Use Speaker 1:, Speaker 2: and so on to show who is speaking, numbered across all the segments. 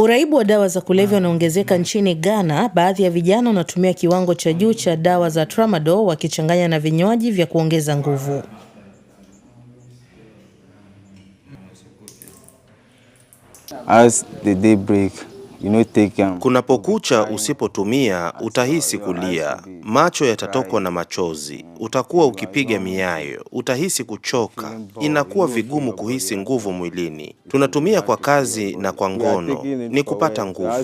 Speaker 1: Uraibu wa dawa za kulevya mm, unaongezeka mm. nchini Ghana. Baadhi ya vijana wanatumia kiwango cha juu cha dawa za tramadol wakichanganya na vinywaji vya kuongeza nguvu.
Speaker 2: As the day break, Um,
Speaker 3: Kunapokucha usipotumia utahisi kulia, macho yatatokwa na machozi, utakuwa ukipiga miayo, utahisi kuchoka, inakuwa vigumu kuhisi nguvu mwilini. Tunatumia kwa kazi na kwa ngono, ni kupata nguvu.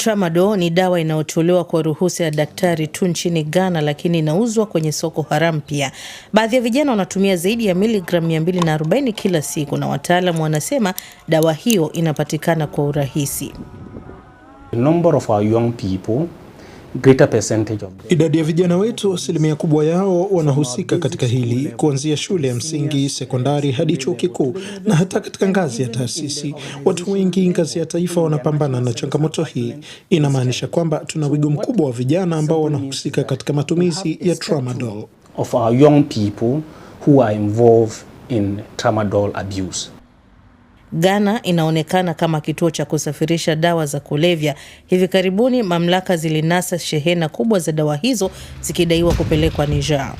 Speaker 1: Tramadol ni dawa inayotolewa kwa ruhusa ya daktari tu nchini Ghana, lakini inauzwa kwenye soko haramu pia. Baadhi ya vijana wanatumia zaidi ya miligramu 240 kila siku, na wataalamu wanasema dawa hiyo inapatikana kwa urahisi
Speaker 4: greater percentage of them.
Speaker 5: Idadi ya vijana wetu, asilimia kubwa yao wanahusika katika hili, kuanzia shule ya msingi, sekondari hadi chuo kikuu na hata katika ngazi ya taasisi. Watu wengi ngazi ya taifa wanapambana na changamoto hii. Inamaanisha kwamba tuna wigo mkubwa wa vijana ambao wanahusika katika matumizi ya tramadol
Speaker 4: of our young people who are involved in tramadol abuse.
Speaker 1: Ghana inaonekana kama kituo cha kusafirisha dawa za kulevya. Hivi karibuni mamlaka zilinasa shehena kubwa za dawa hizo zikidaiwa kupelekwa Niger.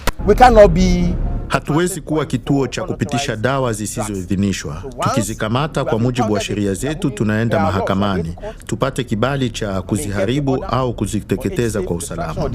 Speaker 6: Hatuwezi kuwa kituo cha kupitisha dawa zisizoidhinishwa. Tukizikamata kwa mujibu wa sheria zetu, tunaenda mahakamani tupate kibali cha kuziharibu au kuziteketeza kwa usalama.